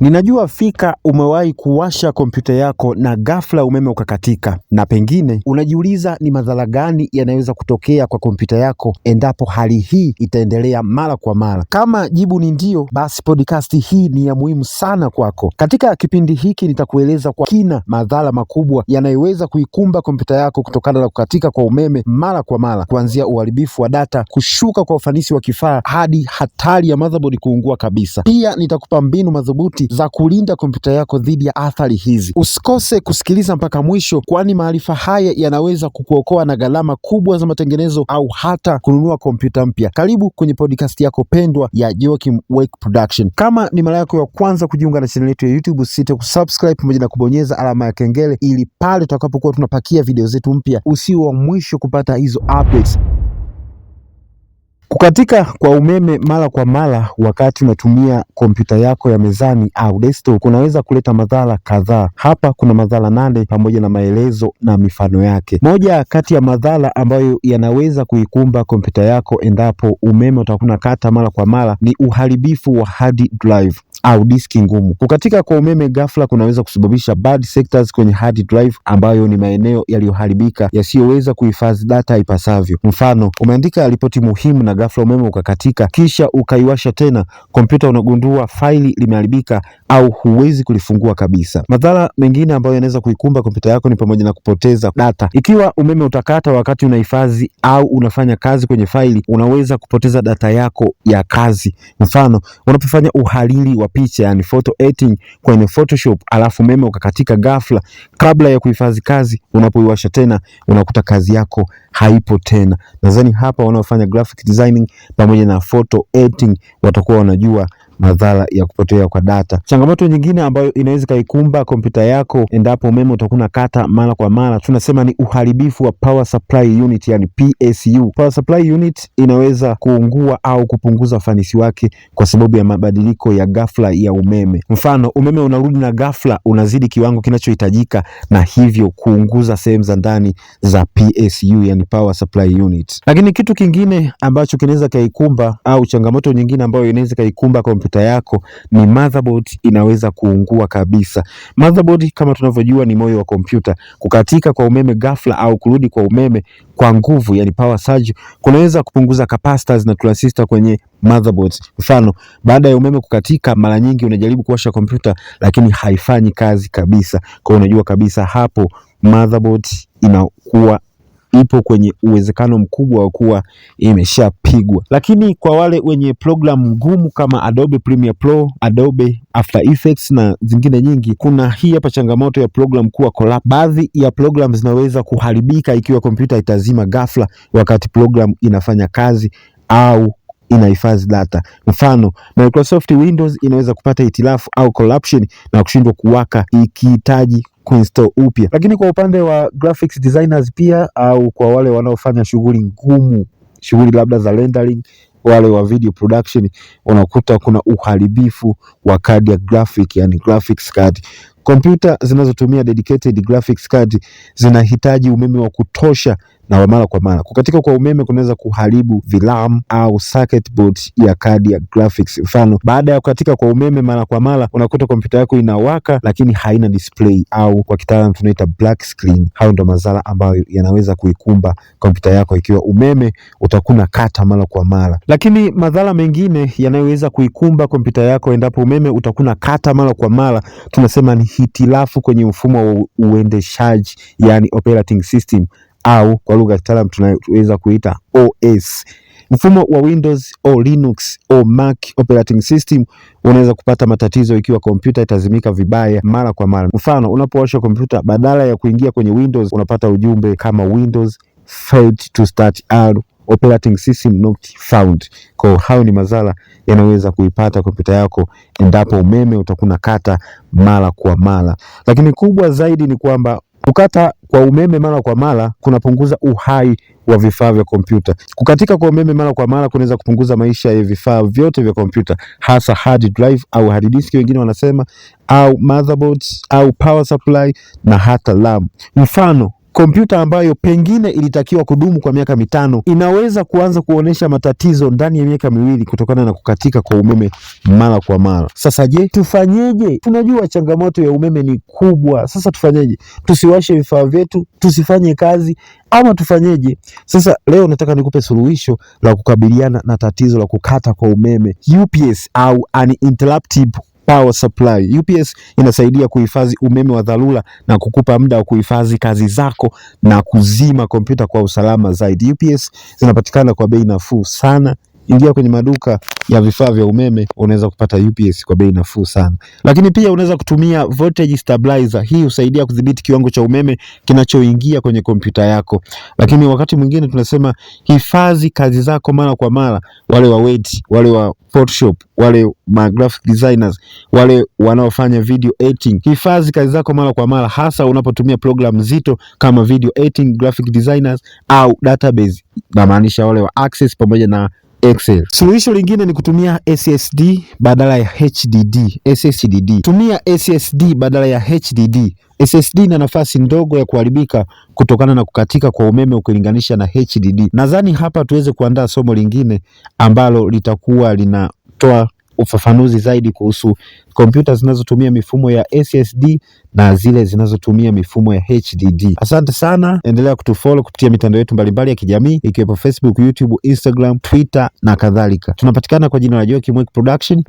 Ninajua fika umewahi kuwasha kompyuta yako na ghafla umeme ukakatika, na pengine unajiuliza ni madhara gani yanayoweza kutokea kwa kompyuta yako endapo hali hii itaendelea mara kwa mara. Kama jibu ni ndio, basi podcast hii ni ya muhimu sana kwako. Katika kipindi hiki nitakueleza kwa kina madhara makubwa yanayoweza kuikumba kompyuta yako kutokana na kukatika kwa umeme mara kwa mara, kuanzia uharibifu wa data, kushuka kwa ufanisi wa kifaa hadi hatari ya motherboard kuungua kabisa. Pia nitakupa mbinu madhubuti za kulinda kompyuta yako dhidi ya athari hizi. Usikose kusikiliza mpaka mwisho, kwani maarifa haya yanaweza kukuokoa na gharama kubwa za matengenezo au hata kununua kompyuta mpya. Karibu kwenye podcast yako pendwa ya Joakim Work Production. Kama ni mara yako ya kwanza kujiunga na chaneli yetu ya YouTube, usisite kusubscribe pamoja na kubonyeza alama ya kengele ili pale tutakapokuwa tunapakia video zetu mpya usiwe wa mwisho kupata hizo updates. Kukatika kwa umeme mara kwa mara wakati unatumia kompyuta yako ya mezani au desktop kunaweza kuleta madhara kadhaa. Hapa kuna madhara nane pamoja na maelezo na mifano yake. Moja kati ya madhara ambayo yanaweza kuikumba kompyuta yako endapo umeme utakuna kata mara kwa mara ni uharibifu wa hard drive au diski ngumu. Kukatika kwa umeme ghafla kunaweza kusababisha bad sectors kwenye hard drive, ambayo ni maeneo yaliyoharibika yasiyoweza kuhifadhi data ipasavyo. Mfano, umeandika ripoti muhimu na ghafla umeme ukakatika, kisha ukaiwasha tena kompyuta, unagundua faili limeharibika au huwezi kulifungua kabisa. Madhara mengine ambayo yanaweza kuikumba kompyuta yako ni pamoja na kupoteza data. Ikiwa umeme utakata wakati unahifadhi au unafanya kazi kwenye faili, unaweza kupoteza data yako ya kazi. Mfano, unapofanya uhariri wa kuchukua picha, yani photo editing kwenye Photoshop, alafu umeme ukakatika ghafla, kabla ya kuhifadhi kazi, unapoiwasha tena unakuta kazi yako haipo tena. Nadhani hapa wanaofanya graphic designing pamoja na photo editing watakuwa wanajua madhara ya kupotea kwa data. Changamoto nyingine ambayo inaweza ikaikumba kompyuta yako endapo umeme utakuwa kata mara kwa mara, tunasema ni uharibifu wa power supply unit, yani PSU. Power supply unit inaweza kuungua au kupunguza ufanisi wake kwa sababu ya mabadiliko ya ghafla ya umeme. Mfano, umeme unarudi na ghafla unazidi kiwango kinachohitajika, na hivyo kuunguza sehemu za ndani za PSU, yani power supply unit. Lakini kitu kingine ambacho kinaweza kaikumba au changamoto nyingine ambayo inaweza kaikumba kompyuta kompyuta yako ni motherboard inaweza kuungua kabisa. Motherboard kama tunavyojua ni moyo wa kompyuta. Kukatika kwa umeme ghafla au kurudi kwa umeme kwa nguvu, yani power surge, kunaweza kupunguza capacitors na transistor kwenye motherboard. Mfano, baada ya umeme kukatika, mara nyingi unajaribu kuwasha kompyuta lakini haifanyi kazi kabisa. Kwa hiyo unajua kabisa hapo motherboard inakuwa ipo kwenye uwezekano mkubwa wa kuwa imeshapigwa. Lakini kwa wale wenye programu ngumu kama Adobe Premiere Pro, Adobe After Effects na zingine nyingi, kuna hii hapa changamoto ya program kuwa collapse. Baadhi ya program zinaweza kuharibika ikiwa kompyuta itazima ghafla wakati program inafanya kazi au inahifadhi data. Mfano, Microsoft Windows inaweza kupata hitilafu au corruption na kushindwa kuwaka ikihitaji kuinstall upya. Lakini kwa upande wa graphics designers pia, au kwa wale wanaofanya shughuli ngumu, shughuli labda za rendering, wale wa video production, unakuta kuna uharibifu wa kadi ya graphic, yani graphics card. Kompyuta zinazotumia dedicated graphics card zinahitaji umeme wa kutosha na mara kwa mara. Kukatika kwa umeme kunaweza kuharibu VRAM au circuit board ya kadi ya graphics. Mfano, baada ya kukatika kwa umeme mara kwa mara, unakuta kompyuta yako inawaka lakini haina display au kwa kitaalamu tunaita black screen. Hayo ndo madhara ambayo yanaweza kuikumba kompyuta yako ikiwa umeme utakuna kata mara kwa mara. Lakini madhara mengine yanayoweza kuikumba kompyuta yako endapo umeme utakuna kata mara kwa mara, tunasema ni hitilafu kwenye mfumo wa uendeshaji, yani operating system au kwa lugha ya kitaalam tunaweza kuita OS. Mfumo wa Windows au Linux au Mac operating system unaweza kupata matatizo ikiwa kompyuta itazimika vibaya mara kwa mara. Mfano, unapowasha kompyuta badala ya kuingia kwenye Windows unapata ujumbe kama Windows failed to start or operating system not found. Kwa hayo ni madhara yanaweza kuipata kompyuta yako endapo umeme utakuna kata mara kwa mara, lakini kubwa zaidi ni kwamba Kukata kwa umeme mara kwa mara kunapunguza uhai wa vifaa vya kompyuta. Kukatika kwa umeme mara kwa mara kunaweza kupunguza maisha ya vifaa vyote vya kompyuta, hasa hard drive au hard disk wengine wanasema, au motherboards, au power supply na hata RAM. Mfano kompyuta ambayo pengine ilitakiwa kudumu kwa miaka mitano inaweza kuanza kuonesha matatizo ndani ya miaka miwili kutokana na kukatika kwa umeme mara kwa mara. Sasa je, tufanyeje? Tunajua changamoto ya umeme ni kubwa. Sasa tufanyeje? Tusiwashe vifaa vyetu, tusifanye kazi ama tufanyeje? Sasa leo nataka nikupe suluhisho la kukabiliana na tatizo la kukata kwa umeme UPS au uninterruptible power supply. UPS inasaidia kuhifadhi umeme wa dharura na kukupa muda wa kuhifadhi kazi zako na kuzima kompyuta kwa usalama zaidi. UPS zinapatikana kwa bei nafuu sana ingia kwenye maduka ya vifaa vya umeme, unaweza kupata UPS kwa bei nafuu sana. Lakini pia unaweza kutumia voltage stabilizer. Hii husaidia kudhibiti kiwango cha umeme kinachoingia kwenye kompyuta yako. Lakini wakati mwingine tunasema hifadhi kazi zako mara kwa mara. Wale wa web, wale wa Photoshop, wale ma graphic designers, wale wanaofanya video editing, hifadhi kazi zako mara kwa mara, hasa unapotumia program nzito kama video editing, graphic designers au database, namaanisha wale wa Access pamoja na Excel. Suluhisho lingine ni kutumia SSD badala ya HDD. SSD. Tumia SSD badala ya HDD. SSD ina nafasi ndogo ya kuharibika kutokana na kukatika kwa umeme ukilinganisha na HDD. Nadhani hapa tuweze kuandaa somo lingine ambalo litakuwa linatoa ufafanuzi zaidi kuhusu kompyuta zinazotumia mifumo ya SSD na zile zinazotumia mifumo ya HDD. Asante sana, endelea kutufollow kupitia mitandao yetu mbalimbali ya kijamii ikiwepo Facebook, YouTube, Instagram, Twitter na kadhalika. Tunapatikana kwa jina la Joki Mwiki Production.